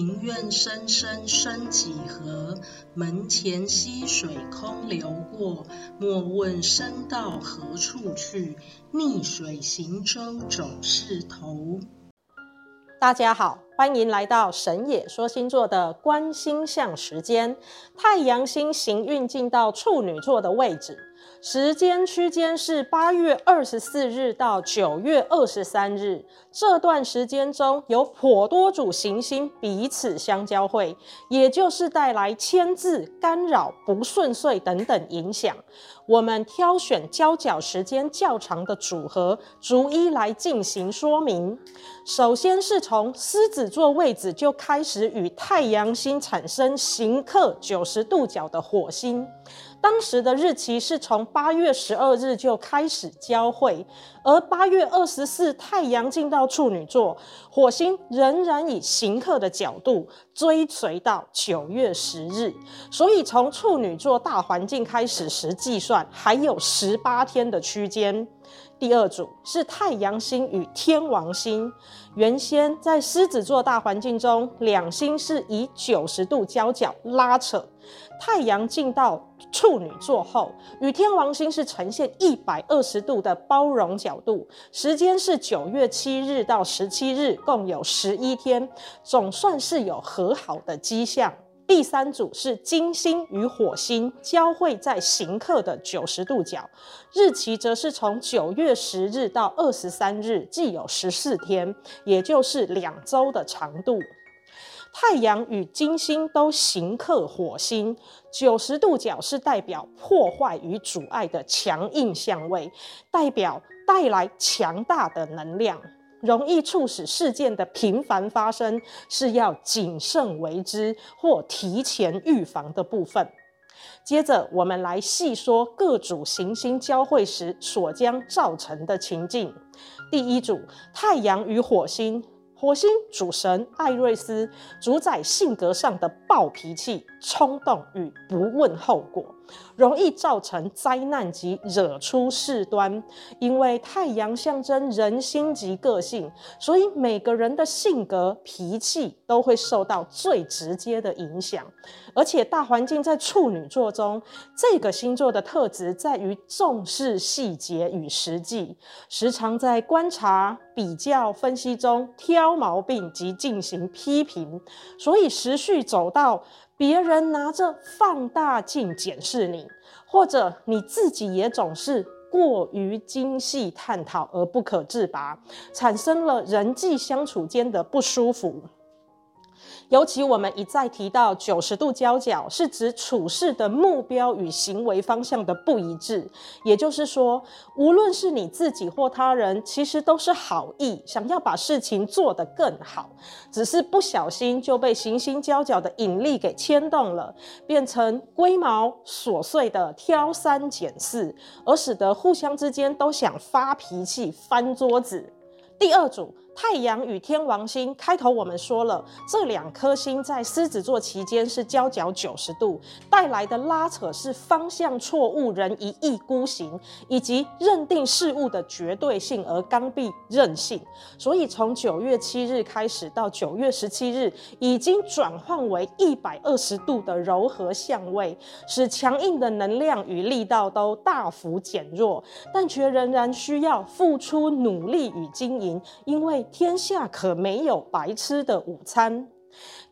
庭院深深深幾何，門前溪水空流過。莫問身到何處去，逆水行舟總是頭。大家好，歡迎來到神野說星座的觀星象時間。太陽星行運進到處女座的位置。時間區間是八月二十四日到九月二十三日，這段時間中有頗多組行星彼此相交會，也就是帶來牽制、干擾、不順遂等等影響。我們挑選交角時間較長的組合，逐一來進行說明。首先是從獅子座位置就開始與太陽星產生刑剋九十度角的火星，當時的日期是從。八月十二日就開始交匯，而八月二十四太陽進到處女座，火星仍然以行客的角度追隨到九月十日，所以從處女座大環境開始時計算，還有十八天的區間。第二組是太陽星與天王星，原先在獅子座大環境中，兩星是以九十度交角拉扯。太陽進到處女座後，與天王星是呈現一百二十度的包容角度。時間是九月七日到十七日，共有十一天，總算是有和好的跡象。第三組是金星與火星交匯在刑克的九十度角，日期則是從九月十日到二十三日，既有十四天，也就是兩週的長度。太陽與金星都刑克火星，九十度角是代表破壞與阻礙的強硬相位，代表帶來強大的能量。容易促使事件的頻繁發生，是要謹慎為之或提前預防的部分。接着，我們來細說各組行星交匯時所將造成的情境。第一組，太陽與火星，火星主神艾瑞斯，主宰性格上的暴脾氣。衝動與不問後果，容易造成災難及惹出事端。因為太陽象徵人心及個性，所以每個人的性格脾氣都會受到最直接的影響。而且大環境在處女座中，這個星座的特質在於重視細節與實際，時常在觀察、比較、分析中挑毛病及進行批評，所以持續走到。別人拿着放大鏡檢視你，或者你自己也總是過於精細探討而不可自拔，產生了人際相處間的不舒服。尤其我們一再提到九十度交角，是指處事的目標與行為方向的不一致。也就是說，無論是你自己或他人，其實都是好意，想要把事情做得更好，只是不小心就被行星交角的引力給牽動了，變成龜毛瑣碎的挑三揀四，而使得互相之間都想發脾氣、翻桌子。第二組。太陽與天王星，開頭我們說了，這兩顆星在獅子座期間是交角九十度，帶來的拉扯是方向錯誤，人一意孤行，以及認定事物的絕對性而剛愎任性。所以從九月七日開始到九月十七日，已經轉換為一百二十度的柔和相位，使強硬的能量與力道都大幅減弱，但却仍然需要付出努力與經營，因為。天下可沒有白吃的午餐。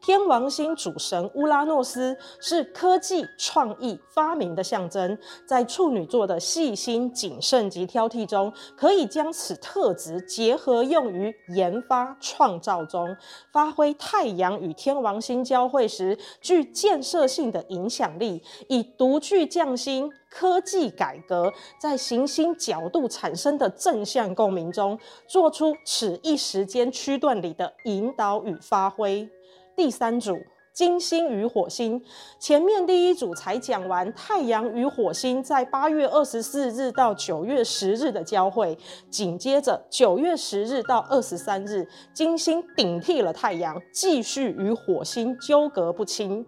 天王星主神烏拉諾斯是科技、創意、發明的象徵，在處女座的細心、謹慎及挑剔中，可以將此特質結合用於研發創造中，發揮太陽與天王星交匯時具建設性的影響力，以獨具匠心。科技改革在行星角度產生的正向共鳴中，做出此一時間區段裡的引導與發揮。第三組，金星與火星，前面第一組才講完太陽與火星在八月二十四日到九月十日的交會，緊接着九月十日到二十三日，金星頂替了太陽，繼續與火星糾葛不清。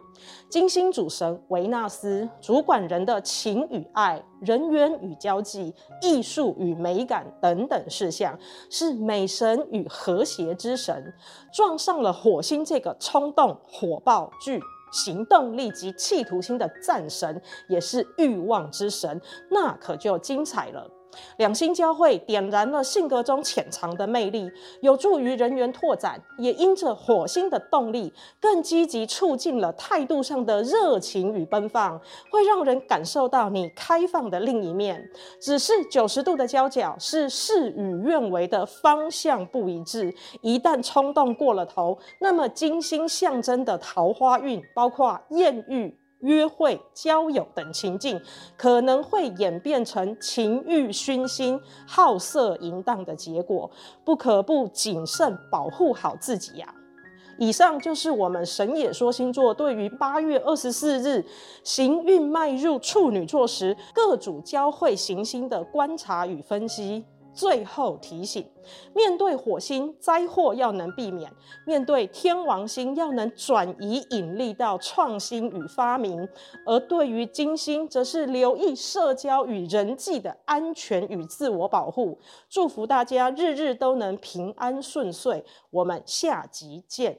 金星主神維納斯，主管人的情與愛、人緣與交際、藝術與美感等等事項，是美神與和諧之神。撞上了火星這個衝動、火爆、具行動力及企圖心的戰神，也是慾望之神，那可就精彩了。兩星交匯，點燃了性格中潛藏的魅力，有助於人緣拓展，也因着火星的動力，更積極促進了態度上的熱情與奔放，會讓人感受到你開放的另一面。只是九十度的交角是事與願違的方向不一致，一旦衝動過了頭，那麼金星象徵的桃花運，包括艷遇，約會、交友等情境，可能會演變成情欲熏心、好色淫蕩的結果，不可不謹慎，保護好自己呀、啊！以上就是我們神野說星座對於八月二十四日行運邁入處女座時，各組交會行星的觀察與分析。最後提醒：面對火星災禍要能避免；面對天王星要能轉移引力到創新與發明；而對於金星，則是留意社交與人際的安全與自我保護。祝福大家日日都能平安順遂。我們下集見。